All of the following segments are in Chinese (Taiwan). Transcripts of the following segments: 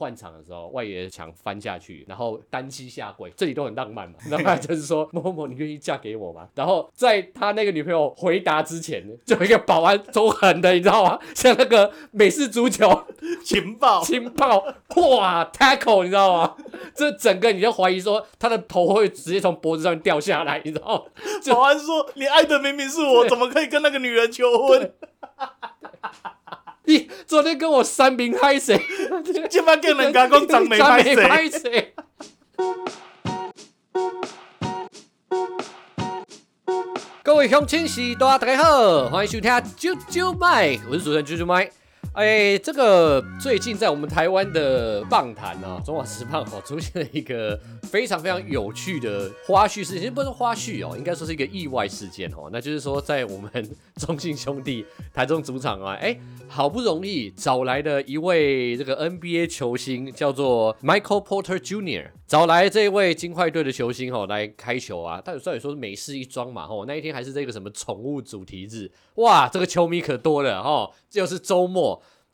換場的時候，外野的牆翻下去，然後單膝下跪，這裡都很浪漫嘛。然後還就是說，某 某，你願意嫁給我嗎？然後在他那個女朋友回答之前，就一個保安超狠的，你知道嗎？像那個美式足球情報情報，哇，tackle， 你知道嗎？這整個你就懷疑說，他的頭會直接從脖子上掉下來，你知道嗎？保安說，你愛的明明是我，怎麼可以跟那個女人求婚？ 昨天跟我三瓶開水，今次見人家講咱沒開水。各位鄉親士大，大家好，歡迎收聽啾啾麥，我是主持人啾啾麥。哎、欸，這個最近在我們台灣的棒壇啊、哦，中華職棒哦，出現了一個非常非常有趣的花絮事件，其實不是花絮哦，應該說是一個意外事件哦。那就是說，在我們中信兄弟台中主場啊，哎、欸，好不容易找來的一位這個 NBA 球星叫做 Michael Porter Jr.，找來這一位金塊隊的球星哦來開球啊。但有雖然有說是美事一樁嘛吼，那一天還是這個什麼寵物主題日，哇，這個球迷可多了吼，這又是週末。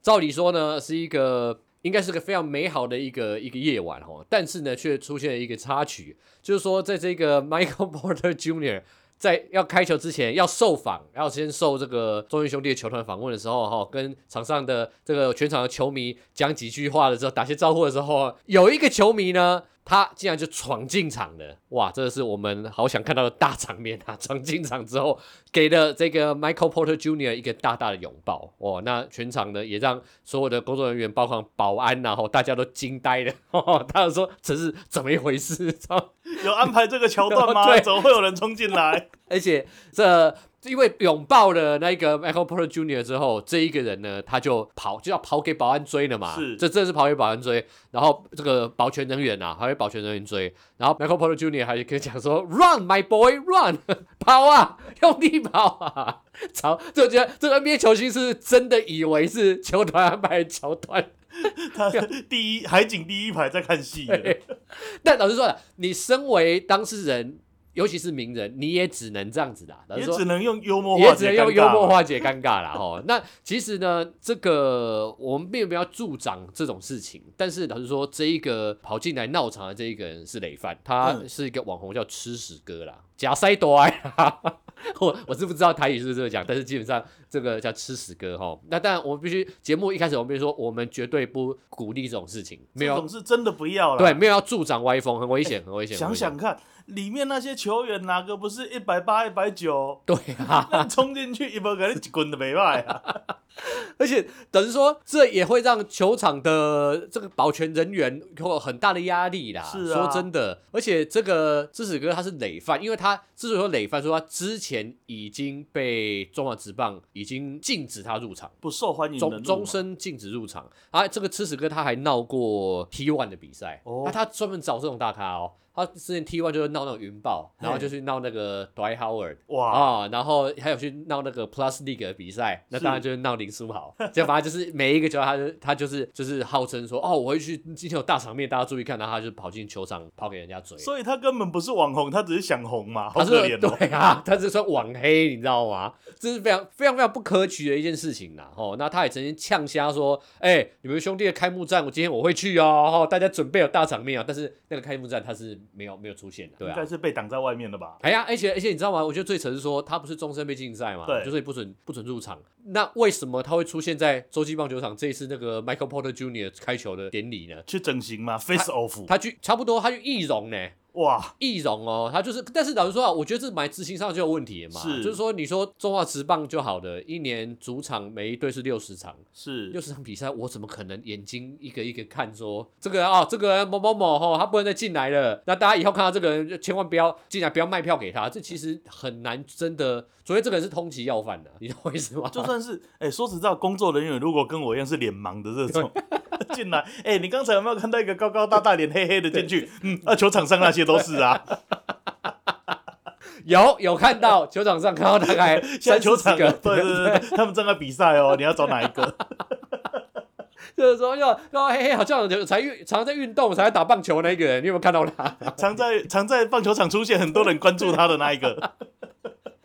照理說呢，是一個應該是個非常美好的一個一個夜晚哦。但是呢，卻出現了一個插曲，就是說，在這個 Michael Porter Jr. 在要開球之前，要受訪，要先受這個中信兄弟的球團訪問的時候，哈，跟場上的這個全場的球迷講幾句話的時候，打些招呼的時候，有一個球迷呢。他竟然就闖進場了！哇，真的是我們好想看到的大場面啊！闖進場之後，給了這個 Michael Porter Junior 一個大大的擁抱。哦，那全場呢，也讓所有的工作人員，包括保安、啊，然後大家都驚呆了，哦。他就說：“這是怎麼一回事？有安排這個橋段嗎？ 怎麼會有人衝進來？” 而且這。因為擁抱了那個 Michael Porter Jr. 之後，這一個人呢，他就跑，就要跑給保安追了嘛。是，這真的是跑給保安追，然後這個保全人員吶，還有保全人員追，然後 Michael Porter Jr. 還可以講說，Run my boy, run， 跑啊，用力跑啊！操，就覺得這個 NBA 球星是真的以為是球團安排橋段。 他第一海景第一排在看戲嘿嘿。但老實說，你身為當事人。尤其是名人，你也只能這樣子啦，也只能用幽默，也只能用幽默化解尷尬了哈。啦 那其實呢，這個我們並沒有要助長這種事情，但是老實說這一個跑進來鬧場的這一個人是累犯，他是一個網紅叫吃屎哥啦。嗯假塞多哈哈。我我是不知道台語是不是這麼講，但是基本上這個叫吃屎哥哈。那當然，我們必須節目一開始，我們必須說，我們絕對不鼓勵這種事情，沒有，這種事真的不要了。對，沒有要助長歪風，很危險，欸，很危險。想想看，裡面那些球員哪個不是一百八、一百九？對啊，衝 進去沒有一百可能滾的沒賣，而且等於說，這也會讓球場的這個保全人員有很大的壓力啦。是啊，說真的，而且這個吃屎哥他是累犯，因為他。他之所以說累犯，說他之前已經被中華職棒已經禁止他入場，不受歡迎，終終身禁止入場。啊，這個吃屎哥他還鬧過 T1 的比賽，oh. 那他專門找這種大咖哦。他之前 T1 就是鬧那種雲豹，然後就去鬧那個 Dwight Howard，哇啊、哦，然後還有去鬧那個 Plus League 的比賽，那當然就是鬧林書豪。 這反正就是每一個球他就，他他就是就是號稱說，哦，我會去今天有大場面，大家注意看，然後他就跑進球場跑給人家追。所以他根本不是網紅，他只是想紅嘛，好可憐哦。對啊，他是說網黑，你知道嗎？這是非常非常非常不可取的一件事情啦。哦，那他也曾經嗆瞎說，哎、欸，你們兄弟的開幕戰，我今天我會去哦。大家準備有大場面啊、哦，但是那個開幕戰他是。沒有沒有出現，對啊，應該是被擋在外面的吧。哎呀，而且而且你知道嗎？我覺得最扯是說，他不是終身被禁賽嘛，對，就是不准不准入場。那為什麼他會出現在洲際棒球場這一次那個 Michael Porter Junior 開球的典禮呢？去整形嗎？Face off？他，他，他去差不多，他就易容呢。哇，易容哦，他就是，但是老實說，啊，我覺得這買執行上就有問題嘛。是，就是說，你說中華職棒就好的，一年主場每一隊是六十場，是六十場比賽，我怎麼可能眼睛一個一個看說這個啊，這個、哦這個、某某某哈、哦，他不能再進來了。那大家以後看到這個人，就千萬不要進來，不要賣票給他。這其實很難，真的，除非這個人是通緝要犯的、啊，你懂我意思嗎？就算是，哎、欸，說實在，工作人員如果跟我一樣是臉盲的這種，進來，哎、欸，你剛才有沒有看到一個高高大大,大、臉黑黑的進去？嗯，啊，球場上那些。都是啊 有，有有看到球場上看到那個在球場的，對對對，對， 他們正在比賽哦。你要找哪一個？ 就是說，要要嘿嘿，好像才常運常在運動，才打棒球的那個人，你有沒有看到他？常在常在棒球場出現，很多人關注他的那一個。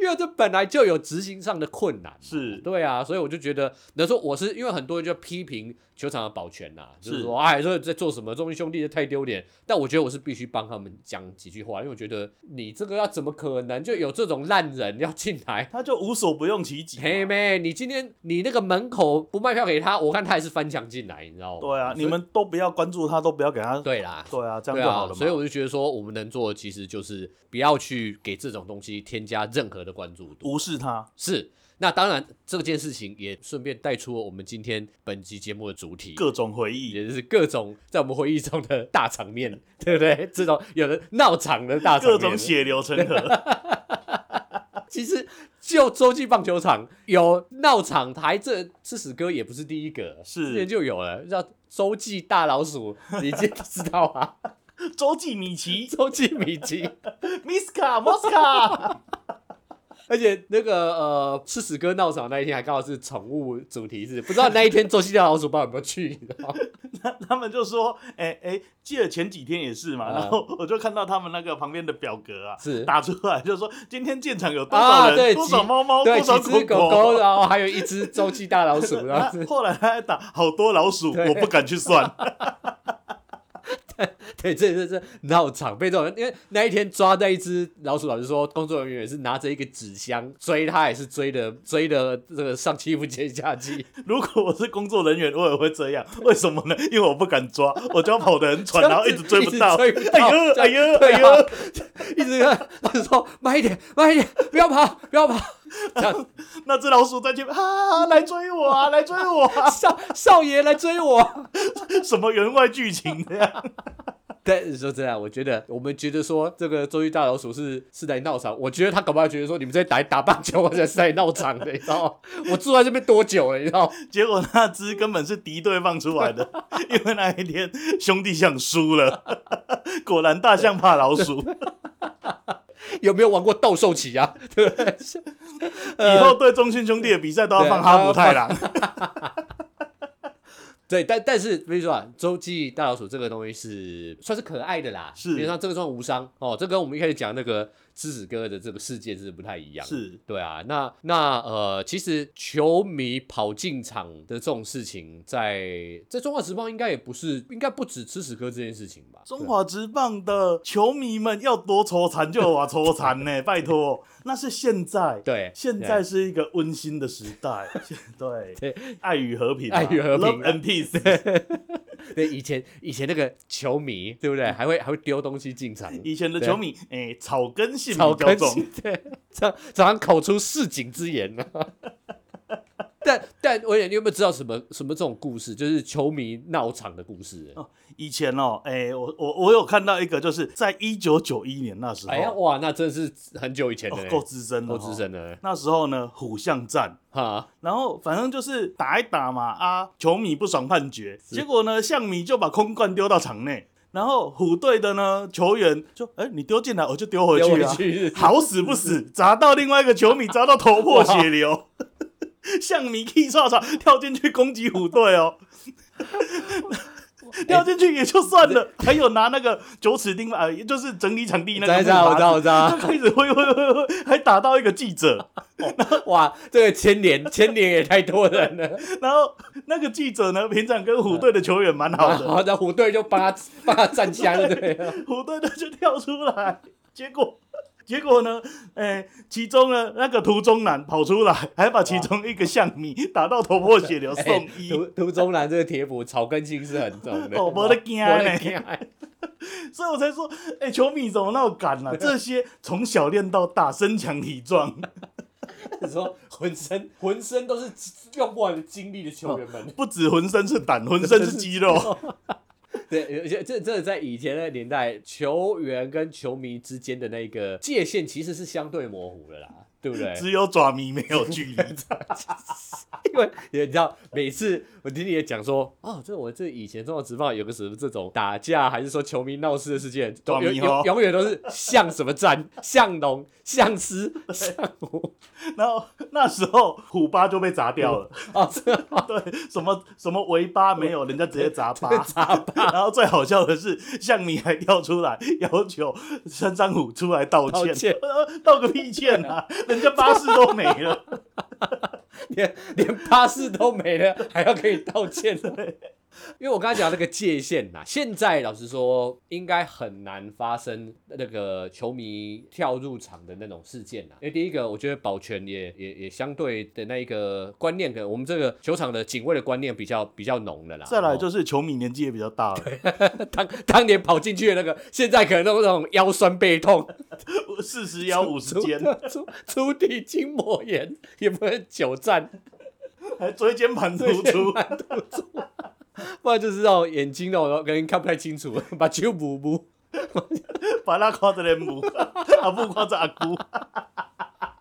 因為這本來就有執行上的困難，是對啊，所以我就覺得，比如說我是因為很多人就批評球場的保全吶，就是說，是哎，說、這個、在做什麼，中信兄弟就太丟臉，但我覺得我是必須幫他們講幾句話，因為我覺得你這個要怎麼可能就有這種爛人要進來，他就無所不用其極、啊。妹妹，你今天你那個門口不賣票給他，我看他也是翻牆進來，你知道嗎？對啊，你們都不要關注他，都不要給他。對啦，對啊，對啊這樣就好了。所以我就覺得說，我們能做的其實就是不要去給這種東西添加任何的。關注度，不是他是那當然，這件事情也順便帶出了我們今天本集節目的主題，各種回憶，也就是各種在我們回憶中的大場面，對不對？這種有的鬧場的大場面，各種血流成河。 其實就洲際棒球場有鬧場台這，這吃屎哥也不是第一個是，之前就有了，叫洲際大老鼠，你知不知道啊？ 洲際米奇， 洲際米奇 ，Miska Mosca。 而且那個呃，吃屎哥鬧場那一天還剛好是寵物主題日，不知道那一天洲際大老鼠幫有沒有去？你知道嗎？他他們就說，哎、欸、哎、欸，記得前幾天也是嘛、嗯。然後我就看到他們那個旁邊的表格啊，是打出來就說今天現場有多少人，多少貓貓，多少，貓貓多少孔孔狗狗，然後還有一隻洲際大老鼠。 然後後來他還打好多老鼠，我不敢去算。 對，這這這，這鬧場，被這種人，因為那一天抓那一只老鼠老，老實說工作人員也是拿着一個紙箱追他，也是追的追的這個上氣不接下氣。如果我是工作人員，我也會這樣，為什麼呢？ 因為我不敢抓，我就要跑得很喘， 然後一直追不到。哎呦哎呦哎呦！哎呦哎呦啊、哎呦 一直看，老實說慢一點，慢一點，不要跑，不要跑。 那隻老鼠在前面啊，來追我啊，來追我，啊 少，少少爺來追我， 什麼員外劇情呀？但是說這樣，這樣我覺得我們覺得說這個洲際大老鼠是是來鬧場，我覺得他搞不好覺得說你們在打打棒球，我在在鬧場的， 你知道？我坐在這邊多久了？你知道？結果那隻根本是敵對放出來的， 因為那一天兄弟象輸了， 果然大象怕老鼠， 有沒有玩過鬥獸棋啊？對，對？ 以後對中信兄弟的比賽都要放哈姆太郎、呃。 對，但但是跟你說啊，洲際大老鼠這個東西是算是可愛的啦，是，比如說這個算無傷哦，這跟、個、我們一開始講那個。吃屎哥的這個世界是不太一樣的，是，對啊，那那呃，其實球迷跑進場的這種事情在，在在中華職棒應該也不是，應該不止吃屎哥這件事情吧？中華職棒的球迷們要多抽殘就有多抽殘呢， 拜託，那是現在，對，對現在是一個溫馨的時代，對，對愛與和、啊、和平，愛與和平 Love and peace。 對，以前以前那個球迷對不對？還會還會丟東西進場，以前的球迷哎、欸，草根。好，根級早早上口出市井之言，啊、 但但我也，你有沒有知道什麼什麼這種故事？就是球迷鬧場的故事。哦、以前哦，欸、我我我有看到一個，就是在一九九一年那時候，哎呀，哇，那真是很久以前，夠、哦、資深的，哦，夠資深的。那時候呢，虎象戰哈然後反正就是打一打嘛啊，球迷不爽判決，結果呢，象迷就把空罐丟到場內。然後虎隊的呢球員就：“哎，你丟進來，我就丟回去，丟回來，好死不死，是是是砸到另外一個球迷，砸到頭破血流， 像米奇刷刷跳進去攻擊虎隊哦。 ”掉進去也就算了，欸，還有拿那個九齒釘耙也就是整理場地那個，我紮我紮我知道他開始揮揮揮揮，還打到一個記者，然後哇，這個牽連牽連也太多人了。然後那個記者呢，平常跟虎隊的球員蠻好的，啊好，然後虎隊就幫他幫他站槍，虎隊他就跳出來，結果。結果呢？誒、欸，其中呢，那個途中男跑出來，還把其中一個球迷打到頭破血流， 送醫。途、欸、中男這個鐵布草根性是很重的，我、 哦哦、怕的驚呢。欸、 所以我才說，哎、欸，球迷怎麼那麼敢呢、啊？ 這些從小練到大，身強體壯，你 說渾身渾身都是用不完的精力的球員們，哦、不止渾身是膽，渾身是肌肉。 哦 對，有些，這、這在以前那個年代，球員跟球迷之間的那個界限其實是相對模糊的啦。對不對？只有爪迷沒有距離， 因為你知道，每次我弟弟也講說，哦，這我這以前中職直播有個什麼這種打架，還是說球迷鬧事的事件，永遠永遠都是像什麼戰、像 龍、像獅、像虎，然後那時候虎巴就被砸掉了。哦，對，什麼什麼圍巴沒有，人家直接砸巴砸巴 然後最好笑的是，像迷還跳出來要求三商虎出來道歉，道歉、啊、道個屁歉啊！人家巴士都沒了 連，連連巴士都沒了， 還要跟你道歉了 因為我剛才講那個界限吶、啊，現在老實說應該很難發生那個球迷跳入場的那種事件，啊、因為第一個我覺得保全也也也相對的那一個觀念，可能我們這個球場的警衛的觀念比較比較濃了啦。再來就是球迷年紀也比較大了， 當當年跑進去的那個，現在可能都是那種腰痠背痛， 四十腰五十肩，足足底筋膜炎，也不會久站，還椎間盤突出。 不然就是哦，眼睛哦，我可能看不太清楚，把球補補，把他看成咧補，阿補看成阿姑。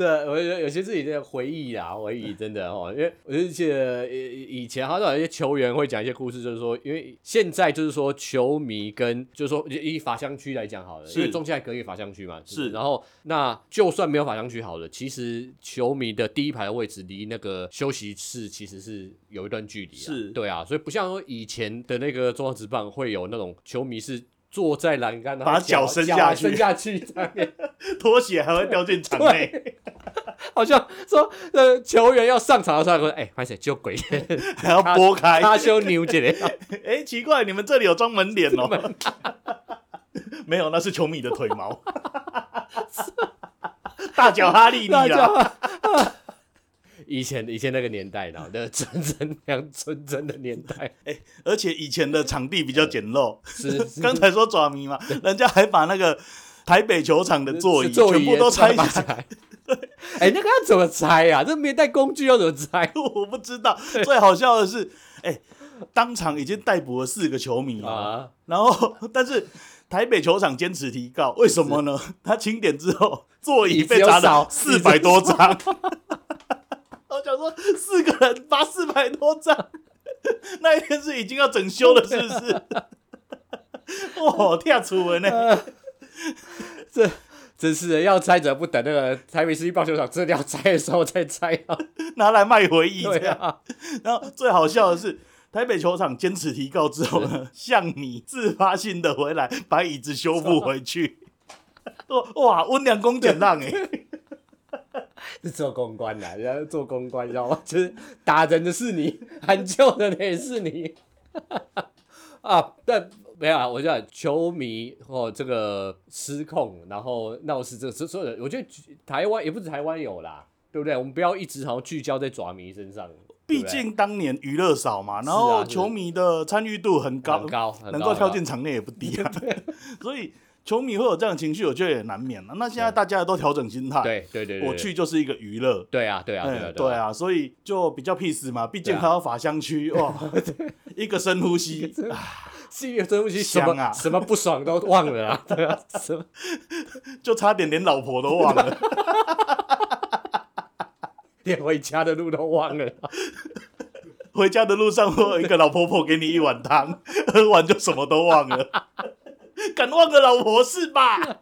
對，我覺得有些自己的回憶啊，回憶真的哦， 因為我就記得以以前好像有一些球員會講一些故事，就是說，因為現在就是說球迷跟就是說以法香區來講好了，是因為中間還隔一個法香區嘛是，是。然後那就算沒有法香區好了，其實球迷的第一排的位置離那個休息室其實是有一段距離，是對啊，所以不像說以前的那個中央職棒會有那種球迷是。坐在欄杆，腳把腳伸下去，伸下去 拖鞋還會掉進場內， 好像說呃，球員要上場的時候還，他說哎，換鞋，救鬼呵呵，還要撥開，他修牛姐的，哎、欸，奇怪，你們這裡有裝門臉哦、喔， 沒有，那是球迷的腿毛， 大腳哈利利啦。 以前以前那個年代的那純、個、真、純真的年代、欸，而且以前的場地比較簡陋。 呃、是，剛 才說抓迷嘛，人家還把那個台北球場的座椅全部都拆起來。哎、欸，那個要怎麼拆呀、啊？ 這沒帶工具要怎麼拆？ 我不知道。最好笑的是，欸、當場已經逮捕了四個球迷啊。 然後，但是台北球場堅持提告，為什麼呢、就是？他清點之後，座椅被砸到，四百多張。 我想說，四個人發四百多張， 那一天是已經要整修了，是不是？哇， 哦，天啊，楚文呢？這真是要拆則不等那個台北市立棒球場真的要拆的時候再拆啊，拿來賣回憶，對、啊、然後最好笑的是，台北球場堅持提告之後呢，向你自發性的回來把椅子修復回去，啊、 哇，溫良恭儉讓 做公關的，人家做公關，然後就是打人的是你，喊救人的也是你， 啊，但沒有啦，我就球迷哦，這個失控，然後鬧事，那我是這個、所有我覺得台灣也不止台灣有啦，對不對？我們不要一直好像聚焦在爪迷身上，畢竟當年娛樂少嘛，然後球迷的參與度很高，啊啊啊、很高很高能夠跳進場內也不低、啊， 對 所以。球迷會有這樣的情緒，我覺得也難免了、啊。那現在大家都調整心態，對對,對,對,對,對,對我去就是一個娛樂，對啊對啊,對啊,、嗯、對,啊對啊，對啊，所以就比較 peace 嘛。畢竟他要法香區哇，啊、 一個深呼吸， 深呼吸，想啊，什麼不爽都忘了、啊， 對啊，什麼就差點連老婆都忘了， 連回家的路都忘了。 回家的路上，會有一個老婆婆給你一碗湯， 喝完就什麼都忘了。 敢換個老婆是吧？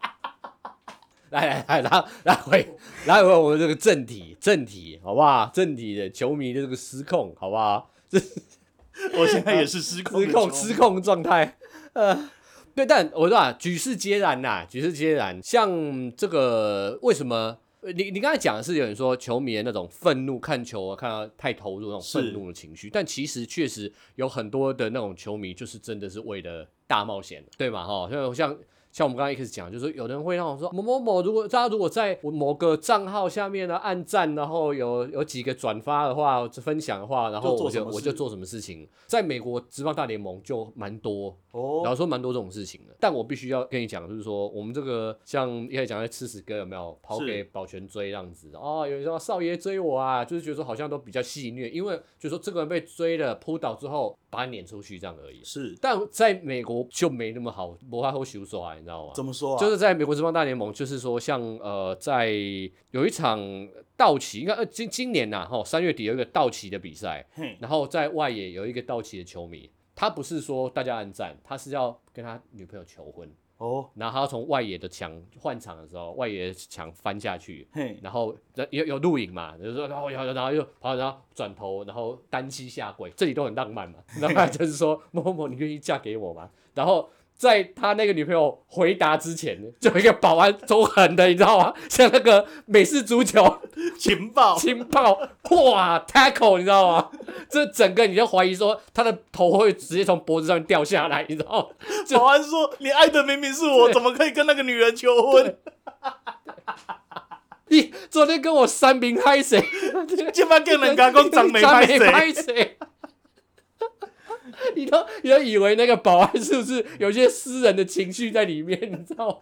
來來來，然來，來，來回，來回我們這個正題正題，好不好？正題的球迷的這個失控，好不好？這我現在也是失控失控失控狀態，呃，對，但我說啊，舉世皆然吶、啊，舉世皆然。像這個為什麼？你你剛才講的是有人說球迷的那種憤怒，看球啊，看到太投入那種憤怒的情緒，但其實確實有很多的那種球迷就是真的是為了大冒險，對嗎？哈、哦，所以像像。像我們剛才一開始講，就是說有人會讓我說某某某，如果大家如果在某個賬號下面呢按讚，然後有有幾個轉發的話，分享的話，然後我就，就我，我就做什麼事情，在美國職棒大聯盟就蠻多，然後說蠻多這種事情的。但我必須要跟你講，就是說我們這個像一開始講的吃屎哥有沒有跑給保全追這樣子的哦？有人說少爺追我啊，就是覺得說好像都比較戲謔，因為就是說這個人被追了撲倒之後。把你攆出去這樣而已。是，但在美國就沒那麼好。太好會手啊，你知道嗎？怎麼說啊？就是在美國職棒大聯盟，就是說像，像呃，在有一場道奇，應該呃今今年吶，哈，三月底有一個道奇的比賽，嗯，然後在外野有一個道奇的球迷，他不是說大家暗戰，他是要跟他女朋友求婚。哦、oh.，然後他要從外野的牆換場的時候，外野的牆翻下去，hey. 然後有有錄影嘛，然後然後又跑然後，然後轉頭然後單膝下跪，這裡都很浪漫嘛，hey. 然後就是說某某、hey. 你願意嫁給我嗎？然後。在他那個女朋友回答之前，就有一個保安週狠的，你知道嗎？像那個美式足球情報情報，哇，tackle，你知道嗎？這 整個你就懷疑說他的頭會直接從脖子上掉下來，你知道嗎？保安說：“你愛的明明是我，怎麼可以跟那個女人求婚？” 你昨天跟我三名嗨水，今 晚跟人家講三名嗨 誰愛 你都，你都以為那個保安是不是有些私人的情緒在裡面？你知道嗎？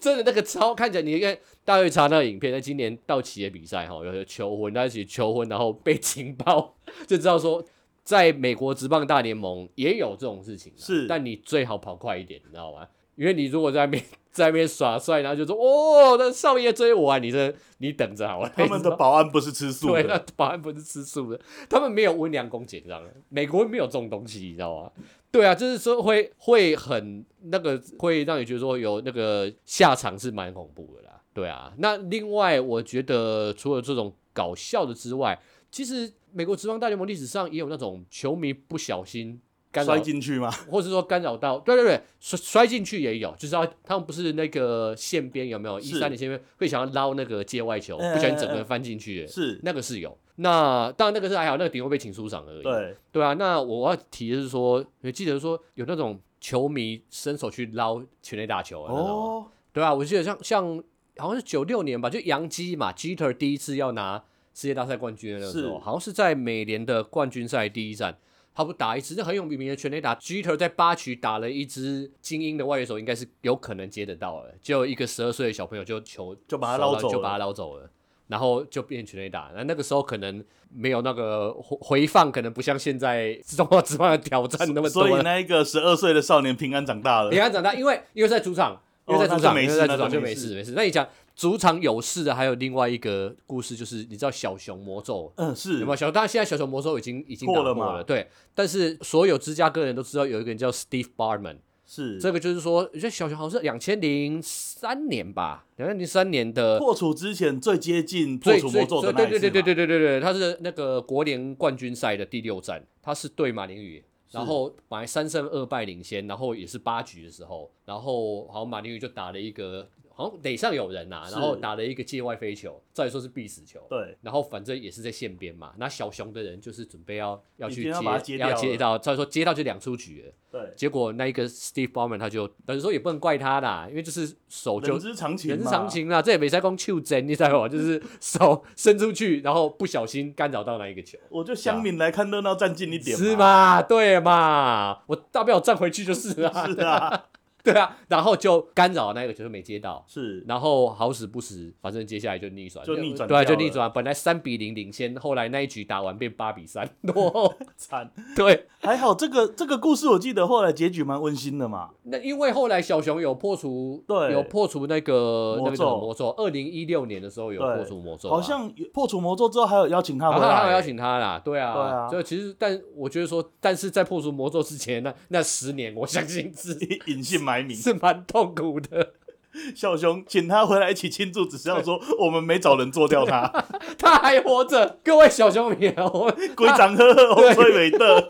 真的那個超看起來，你應該大會查那個影片，在今年到企業比賽哈，有些求婚在一起求婚，然後被情報就知道說，在美國職棒大聯盟也有這種事情，是，但你最好跑快一點，你知道嗎？因為你如果在美。在那邊耍帥，然後就說：“哦，那少爺追我啊！你這你等着好了。”他們的保安不是吃素的，對，那保安不是吃素的，他們沒有溫良恭儉讓，美國沒有這種東西，你知道嗎？對啊，就是說會會很那個，會讓你覺得說有那個下場是蠻恐怖的啦。對啊，那另外我覺得除了這種搞笑的之外，其實美國職棒大聯盟歷史上也有那種球迷不小心。干擾摔進去嗎？或者是說干擾到？對對對，摔摔進去也有，就是要，啊、他們不是那個線邊有沒有？一三的線邊會想要撈那個界外球，欸欸欸不想整個人翻進去。是那個是有。那當然那個是還好，那個頂會被請出場而已。對對啊，那我要提的是說，我記得說有那種球迷伸手去撈全壘打球，啊，哦，對啊，我記得像像好像是九六年吧，就洋基嘛，基特第一次要拿世界大賽冠軍的那個時候，好像是在美聯的冠軍賽第一戰。他不打一直是很有名的全壘打。Jeter 在八局打了一支精英的外野手，應該是有可能接得到的。就一個十二歲的小朋友，就球，就把他撈走，就把他撈走，走了，然後就變全壘打。那那個時候可能沒有那個回回放，可能不像現在自動化之外的挑戰那麼多。所以那一個十二歲的少年平安長大了，平安長大，因為因為在主場，因為在主場沒事，沒事，沒事。那你講？主場有事的，還有另外一個故事，就是你知道小熊魔咒？嗯，是。有嗎？小，當然現在小熊魔咒已經已經打破了，破了嗎？對。但是所有芝加哥人都知道，有一個人叫 Steve Bartman。是。這個就是說，我覺得小熊好像是兩千零三年吧，兩千零三年的破除之前最接近破除魔咒的那一次。對對對對對對對對，他是那個國聯冠軍賽的第六戰，他是對馬林魚。然後本來三勝二敗領先，然後也是八局的時候，然後好像馬林魚就打了一個。好像得上有人吶、啊，然後打了一個界外飛球，再說是必死球。對，然後反正也是在線邊嘛，那小熊的人就是準備要要去接，要接，要接到，再說接到就兩出局對，結果那一個 Steve Bowman 他就，等於說也不能怪他啦，因為就是手就人之常情，人之常情吶，這也沒在講球真。你猜我 就是手伸出去，然後不小心干擾到那一個球。我就鄉民來看熱鬧，站近一點。是嘛？對嘛？我大不了站回去就是了、啊。 是啊。對啊，然後就干擾那個球就沒接到，是，然後好死不死，反正接下來就逆轉，就逆轉，對、啊，就逆轉。本來三比零領先，後來那一局打完變八比三，落後 慘。對，還好這個這個故事我記得後來結局蠻溫馨的嘛。 那因為後來小熊有破除，對，有破除那個什麼魔咒。二零一六年的時候有破除魔咒，好像破除魔咒之後還有邀請他、欸，啊、還好還有邀請他啦。對啊，對啊，所以其實，但我覺得說，但是在破除魔咒之前那那十年我相信自己隱姓埋。 排名是蠻痛苦的， 小熊請他回來一起慶祝，只是要說我們沒找人做掉他。 他還活着。各位小熊迷，龜長呵，呵，歐美特，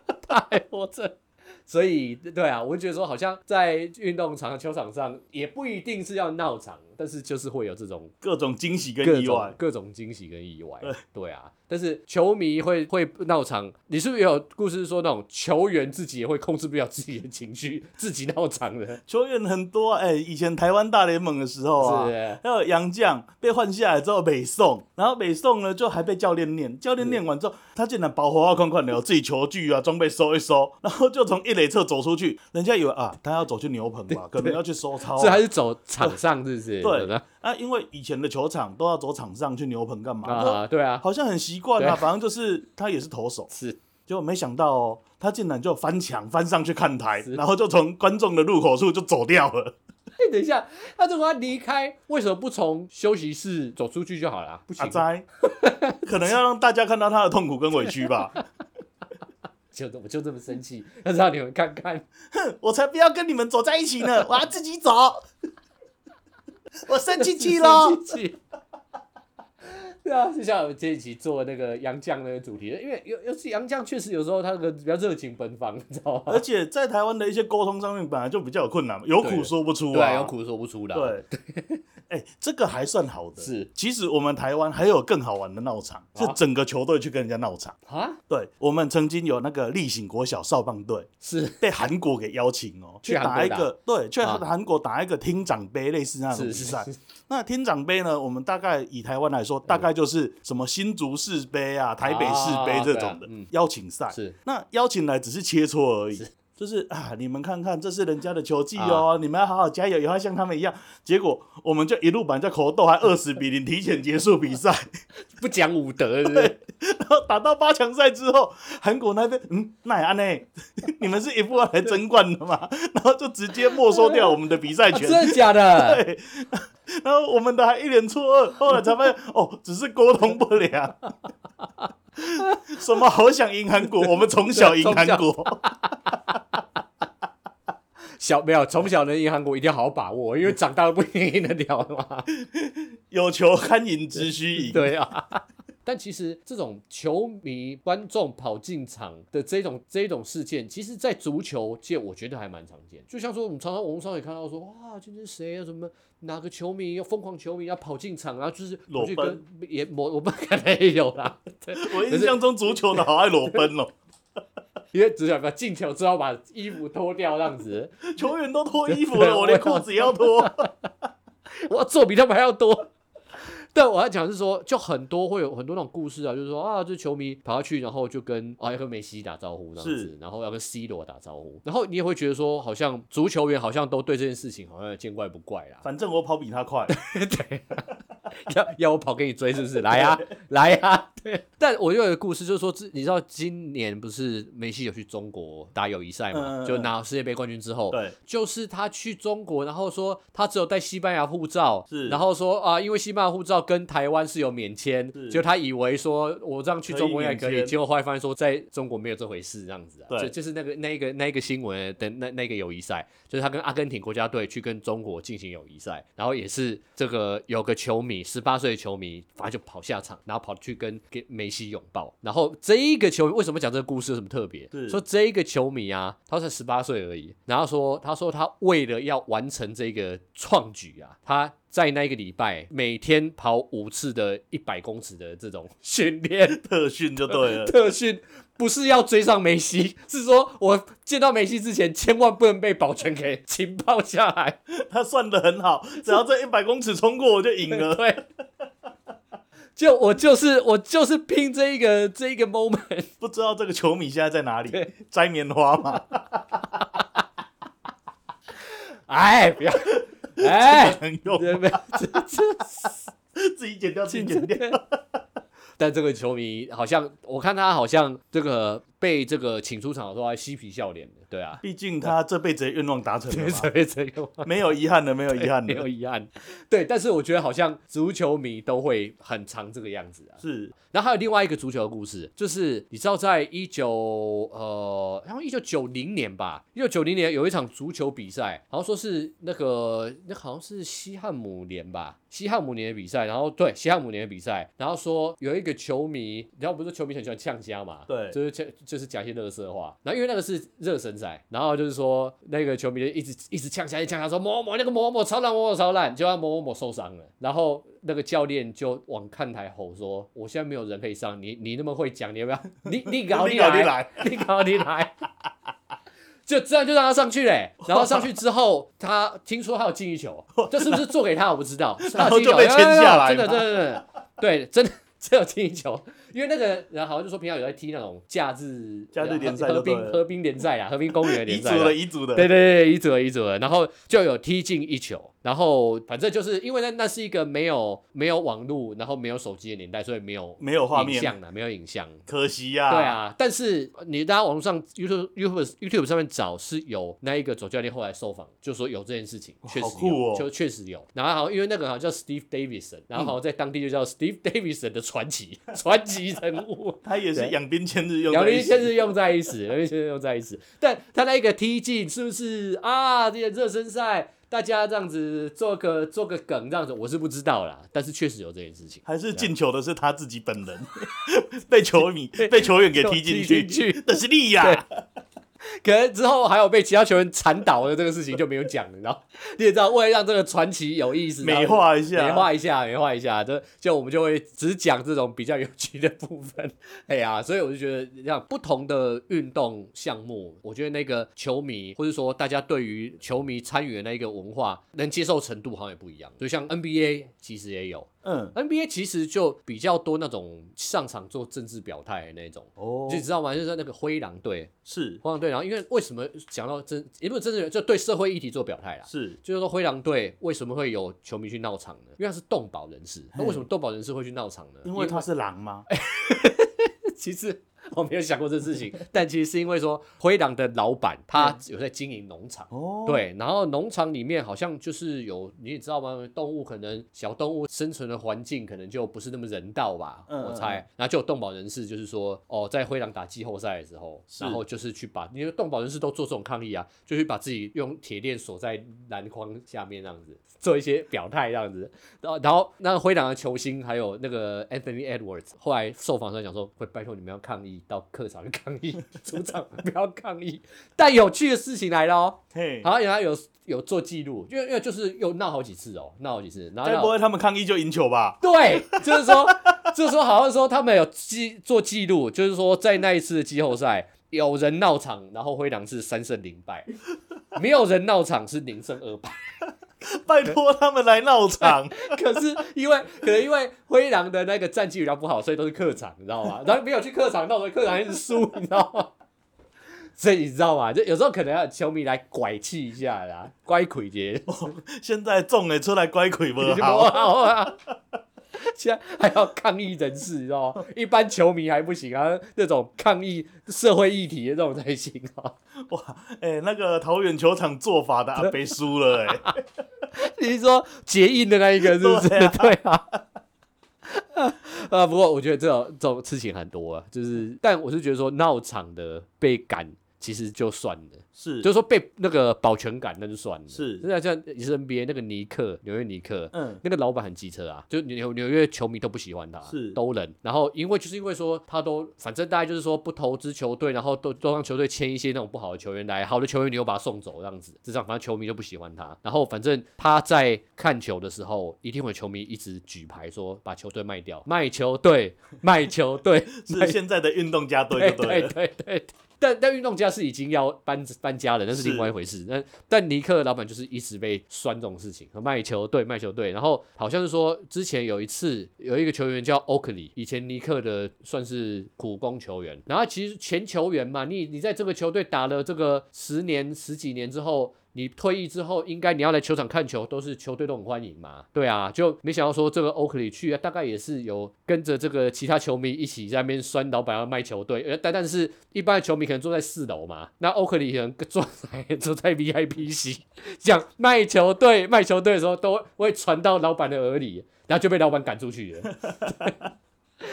他還活着。所以，對啊，我覺得說好像在運動場、球場上，也不一定是要鬧場，但是就是會有這種各種驚喜跟意外，各種驚喜跟意外。對，對啊。但是球迷會會鬧場，你是不是也有故事說那種球員自己也會控制不了自己的情緒，自己鬧場的？球員很多，啊，哎、欸，以前台灣大聯盟的時候啊，還有洋將被換下來之後不爽，然後不爽呢就還被教練念，教練念完之後，他竟然把包袱款款自己球具啊裝備收一收，然後就從一壘側走出去，人家以為啊他要走去牛棚嘛，可能要去收操，啊，這還是走場上是不是？對。對啊，因為以前的球場都要走場上去牛棚幹嘛啊？啊，對啊，好像很習慣啊。反正就是他也是投手，是，就沒想到哦，他竟然就翻牆翻上去看台，然後就從觀眾的入口處就走掉了。欸、等一下，他如果他離開，為什麼不從休息室走出去就好了？不行了，阿、啊、齋， 可能要讓大家看到他的痛苦跟委屈吧， 就就這麼生氣，要讓你們看看。哼，我才不要跟你們走在一起呢， 我要自己走。 我生氣氣咯雞雞， 對啊，就像我們這一期做那個洋將那個主題，因為尤尤其洋將確實有時候他個比較熱情奔放，你知道嗎？而且在台灣的一些溝通上面本來就比較有困難嘛，有苦說不出、啊、對，對、啊，有苦說不出的。對。對 哎、欸，這個還算好的。是，其實我們台灣還有更好玩的鬧場，是、啊、整個球隊去跟人家鬧場啊。對，我們曾經有那個立行力行國小少棒隊，是被韓國給邀請哦、喔，去打一個韓國打對，去韓、啊、國打一個廳長杯類似那種比賽。是是是是那廳長杯呢，我們大概以台灣來說，大概就是什麼新竹市杯啊、台北市杯這種的邀請賽、啊啊啊嗯。是，那邀請來只是切磋而已。就是啊，你們看看，這是人家的球技哦。啊、你們要好好加油，以後要像他們一樣。結果我們就一路板在口斗，還二十比零 提前結束比賽。 不講武德是不是，對。然後打到八強賽之後，韓國那邊，嗯，奈安內， 你們是一步來爭冠的嘛？然後就直接沒收掉我們的比賽權、 啊，真的假的？對。然後我們的還一臉錯愕，後來才發現 哦，只是溝通不良。 什麼好想贏韓國？我們從小贏韓國。 從 小沒有，從小能贏韓國一定要好好把握，因為長大了不一定贏得掉的嘛。 有球堪贏之需矣。 對啊， 但其實這種球迷觀眾跑進場的這種這種事件，其實，在足球界我覺得還蠻常見。就像說，我們常常網絡上也看到說，哇，今天誰啊？什麼哪個球迷要瘋狂球迷要跑進場啊？然後就是裸奔，也我我們看來也有啦。對， 我印象中 足球的好愛裸奔哦。因為只想把進球之後把衣服脫掉，這樣子， 球員都脫衣服了， 我連褲子也要脫， 我要做比他們還要多。但我來講是說，就很多會有很多那種故事啊，就是說啊，這球迷跑下去，然後就跟啊，要跟梅西打招呼，是，然後要跟 C 羅打招呼，然後你也會覺得說，好像足球員好像都對這件事情好像見怪不怪啦。反正我跑比他快， 對、啊，要要我跑給你追，是不是？來呀、啊，來呀，對。但我又有一個故事，就是說，你知道今年不是梅西有去中國打友誼賽嘛，就拿世界杯冠軍之後，對，就是他去中國，然後說他只有帶西班牙護照，是，然後說啊，因為西班牙護照。跟台灣是有免簽，就他以為說我這樣去中國也可以，可以，結果後來發現說在中國沒有這回事，這樣子啊。啊就，就是那個那個那個新聞的那那一個友誼賽，就是他跟阿根廷國家隊去跟中國進行友誼賽，然後也是這個有個球迷十八歲的球迷，反正就跑下場，然後跑去跟給梅西擁抱。然後這個球迷為什麼講這個故事有什麼特別？說這個球迷啊，他才十八歲而已。然後說他說他為了要完成這個創舉啊，他。在那一個禮拜，每天跑五次的一百公尺的這種訓練特訓就對了。特訓不是要追上梅西，是說我見到梅西之前，千萬不能被保全給擒抱下來。他算得很好，只要這一百公尺衝過，我就贏了。對，就我就是我就是拼這一個這一個 moment。不知道這個球迷現在在哪裡？摘棉花嗎？哎，不要。哎、欸，沒？ 自己剪掉，自己剪掉。 但這個球迷好像，我看他好像這個。被這個請出場的時候還嬉皮笑臉的，對啊，畢竟他這輩子的願望達成了，這輩子沒有遺憾的，沒有遺憾，沒有遺憾。對，但是我覺得好像足球迷都會很常這個樣子啊。是，然後還有另外一個足球的故事，就是你知道，在一九呃，好像一九九零年吧，一九九零年有一場足球比賽，好像說是那個那好像是西漢姆聯吧，西漢姆聯的比賽，然後對西漢姆聯的比賽，然後說有一個球迷，你知道不是球迷很喜歡嗆家嘛，對，就是嗆。就是講一些垃圾話，然後因為那個是熱身賽，然後就是說那個球迷就一直一直嗆嗆一嗆嗆說某某某，那個某某某超爛，某某超爛，結果他某某某受傷了。然後那個教練就往看台吼說：“我現在沒有人可以上，你你那麼會講，你要不要你你搞你來，你搞你你來， 就這樣就讓他上去嘞，欸。然後上去之後，他聽說他有禁愈球，這 是不是做給他我不知道， 他禁愈球真的真的對，真的只有禁愈球。 因為那個人好像就說平常有在踢那種假日假日聯賽的和平和平聯賽啊，和平公園聯賽，對對對，乙組的乙組的，然後就有踢進一球，然後反正就是因為那那是一個沒有沒有網絡然後沒有手機的年代，所以沒有沒有畫面影像了沒有影像，可惜啊。對啊，但是你大家網上 YouTube YouTube, YouTube 上面找是有那一個總教練後來受訪，就說有這件事情確實有、哦、就確實有，然後好，因為那個好像叫 Steve Davidson，然後好像在當地就叫 Steve Davidson 的傳奇傳奇。嗯集成物，他也是養兵千日用養兵千日用在一時，養兵千日用在一時。 但他那個踢進是不是啊？這個熱身賽，大家這樣子做個做個梗，這樣子我是不知道啦，但是確實有這件事情，還是進球的是他自己本人， 被球迷被球員給踢進去，那 進 是利亞。可能之後還有被其他球員鏟倒的這個事情就沒有講了，你知道？ 你也知道，為了讓這個傳奇有意思，美化一下，美化一下，美化一下，就就我們就會只講這種比較有趣的部分。哎 呀、啊，所以我就覺得，像不同的運動項目，我覺得那個球迷或者說大家對於球迷參與的那個文化能接受程度好像也不一樣。所以像 NBA 其實也有。嗯，NBA 其實就比較多那種上場做政治表態的那種，就、哦、你知道嗎？就是在那個灰狼隊，是灰狼隊。然後因為為什麼講到政，也不是政治，就對社會議題做表態啦。是，就是說灰狼隊為什麼會有球迷去鬧場呢？因為他是動保人士。那、嗯、為什麼動保人士會去鬧場呢？因為他是狼嗎？ 其實。 我沒有想過這事情，但其實是因為說灰狼的老板他有在經營農場，嗯，對，然後農場裡面好像就是有，你也知道嗎？動物可能小動物生存的環境可能就不是那麼人道吧，我猜。然後就有動保人士就是說，哦，在灰狼打季後賽的時候，然後就是去把，因為動保人士都做這種抗議啊，就去把自己用鐵鏈鎖在籃筐下面這樣子，做一些表態這樣子。然後然後那灰狼的球星還有那個 Anthony Edwards 後來受訪時候講說，會拜托你們要抗議。到客場去抗議，主場不要抗議。 但有趣的事情來了哦，好像有有做記錄，因為因為就是有鬧好幾次哦，鬧好幾次。然後不會他們抗議就贏球吧？對，就是說就是說，好像說他們有記做記錄，就是說在那一次的季後賽，有人鬧場，然後灰狼是三勝零敗，沒有人鬧場是零勝二敗。 拜託他們來鬧場，可是因為 可能因為灰狼的那個戰績比較不好，所以都是客場，你知道嗎？然後沒有去客場，到時候客場一直輸，你知道嗎？所以你知道嗎？就有時候可能要球迷來拐氣一下啦，乖鬼杰，現在中的出來乖鬼不？好啊。 現在還要抗議人士，你知道嗎？ 一般球迷還不行啊，那種抗議社會議題的這種才行啊。哇，哎、欸，那個桃園球場做法的阿肥輸了、欸，哎， 你是說結印的那一個是不是？對啊。 啊，不過我覺得這種事情很多、啊，就是，但我是覺得說鬧場的被趕。其實就算了，是，就是說被那個保全感，那就算了。是，現在像你是 NBA 那個尼克，紐約尼克，嗯，那個老板很機車啊，就紐紐約球迷都不喜歡他，是，都能。然後因為就是因為說他都，反正大家就是說不投資球隊，然後都都讓球隊簽一些那種不好的球員來，好的球員你又把他送走這樣子，這樣反正球迷就不喜歡他。然後反正他在看球的時候，一定會球迷一直舉牌說把球隊賣掉，賣球隊，賣球隊， 是現在的運動家隊， 對對對對,對。 但但運動家是已經要搬搬家了，那是另外一回事。但但尼克老闆就是一直被酸這種事情，和賣球隊、賣球隊。然後好像是說，之前有一次有一個球員叫 Oakley，以前尼克的算是苦工球員。然後其實前球員嘛，你你在這個球隊打了這個十年十幾年之後。你退役之後，應該你要來球場看球，都是球隊都很歡迎嘛。對啊，就沒想到說這個歐克里去，大概也是有跟着這個其他球迷一起在那邊酸老板要賣球隊。但但是，一般的球迷可能坐在四樓嘛，那歐克里可能坐，坐在坐在 VIP 席，講賣球隊賣球隊的時候，都會傳到老板的耳裡，然後就被老板趕出去了。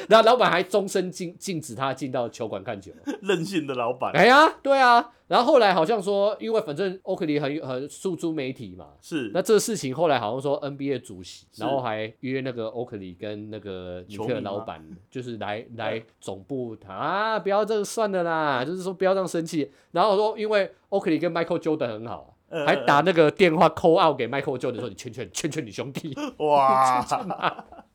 然 後老闆還終身禁禁止他進到球館看球，任性的老闆。哎呀，對啊。然後後來好像說，因為反正 Oakley 很很訴諸媒體嘛，是。那這個事情後來好像說 NBA 主席，然後還約那個 Oakley 跟那個球隊老闆，就是來來總部，談 啊，不要這個算了啦，就是說不要這樣生氣。然後說，因為 Oakley 跟 Michael Jordan 很好呃呃呃，還打那個電話 call out 給 Michael Jordan 說，你勸勸勸勸你兄弟， 哇。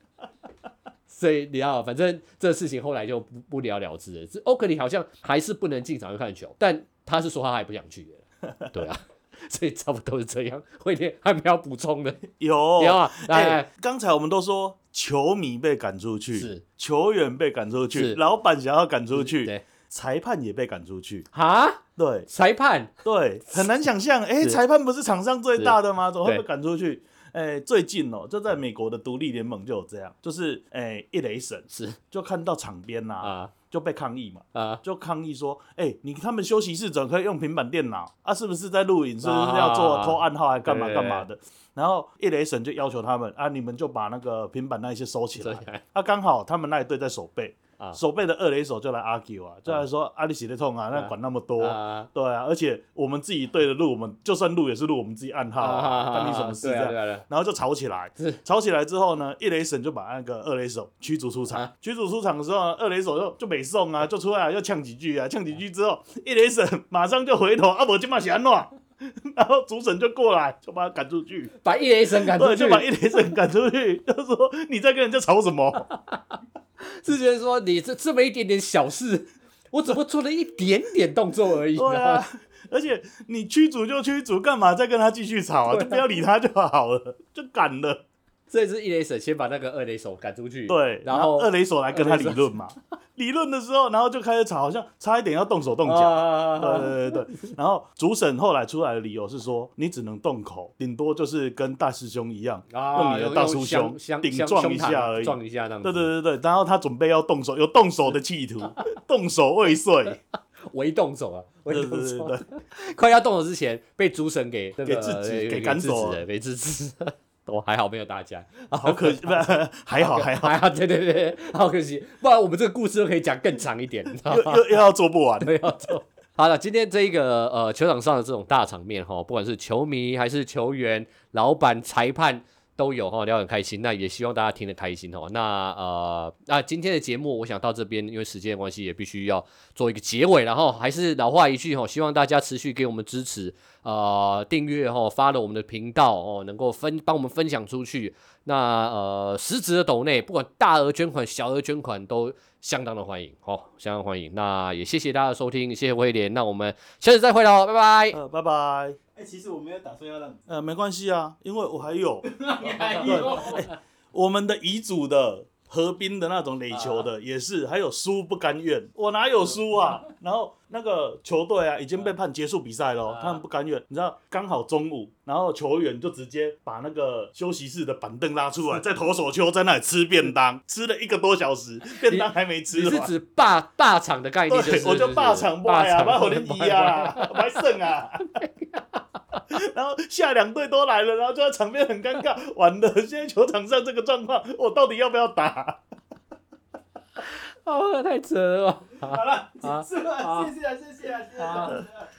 所以你，你要反正這事情後來就不不了了之了。奧克利好像還是不能進場去看球，但他是說他還不想去的。 對啊，所以差不多是這樣。慧天還有沒有補充的？有。有啊。剛、欸、才我們都說球迷被趕出去，是球員被趕出去，是老板想要趕出去，對，裁判也被趕出去。哈？對。裁判？對。 對，很難想象，哎、欸，裁判不是場上最大的嗎？怎麼會被趕出去？誒，最近哦，就在美國的獨立聯盟就有這樣，就是一壘審，就看到場邊吶、啊，就被抗議嘛，啊、就抗議說誒，你他們休息室怎可以用平板電腦啊？是不是在錄影？是不是要做偷暗號還幹嘛幹嘛的？然後一壘審就要求他們啊，你們就把那個平板那一些收起來，啊，啊剛好他們那一隊在守備。啊、手背的二壘審就來 argue 啊，就來說阿里洗的痛啊，那管那麼多，啊，對啊，而且我們自己對的路，我們就算路也是路，我們自己暗他、啊，關、啊、你什麼事？這樣，啊對啊對啊，然後就吵起來，吵起來之後呢，一壘審就把那個二壘審驅逐出場，驅、啊、逐出場的時候呢，二壘審就就沒送啊，就出來又嗆幾句啊，嗆幾句之後，一壘審馬上就回頭，阿我今嘛是安怎？ 然後主審就過來，就把他趕出去，把一壘審趕出去，就把一壘審趕出去， 就說你在跟人家吵什麼？ 之前說你這這麼一點點小事，我只不過做了一點點動作而已啊。 對啊，而且你驅逐就驅逐，幹嘛再跟他繼續吵啊？就不要理他就好了，就趕了。這是一壘審先把那個二壘手趕出去，對，然後，然後二壘手來跟他理論嘛。 理論的時候，然後就開始吵，好像差一點要動手動腳。啊、對對對，對 然後主審後來出來的理由是說，你只能動口，頂多就是跟大師兄一樣，啊、用你的大師兄頂撞，兄撞一下而已。撞一下那對對對對，然後他準備要動手，有動手的企圖， 動手未遂，未 動手啊。未動手、啊、 快要動手之前被主審給、那個、給制止了，被、呃、制 都還好，沒有打架，好可惜，好可惜還好還好。還好，還好，還好，對對對，好可惜，不然我們這個故事都可以講更長一點，你知道嗎？ 又又要做不完，都要做。好了，今天這一個呃球場上的這種大場面哈，不管是球迷還是球員、老闆、裁判。都有哈，聊得很開心，那也希望大家聽得開心哦。那呃，那今天的節目我想到這邊，因為時間的關係也必須要做一個結尾，然後還是老話一句哈，希望大家持續給我們支持啊，訂閱哈，follow 我們的頻道哦，能夠分幫我們分享出去。那呃，實質的抖內，不管大額捐款、小額捐款都。相當的歡迎，好，哦，相當的歡迎。那也謝謝大家的收聽，謝謝威廉。那我們下次再會嘍，拜拜，呃、拜拜。哎、欸，其實我沒有打算要讓你，呃，沒關係啊，因為我還有， 對 欸、 我們的遺囑的。河濱的那種壘球的、啊、也是，還有輸不甘願，我哪有輸啊？然後那個球隊啊已經被判結束比賽了、啊、他們不甘願，你知道剛好中午，然後球員就直接把那個休息室的板凳拉出來，在投手丘在那裡吃便當，吃了一個多小時，便當還沒吃，你你是指霸大場的概念、就是，對，我就霸場、啊、霸呀、啊，把我的贏我還剩啊。 然後下兩隊都來了，然後就在場面很尷尬， 完了。現在球場上這個狀況，我到底要不要打？哦、 啊，太扯了。好了，結束了。謝謝啊，謝謝啊，謝謝、啊。啊謝謝啊啊。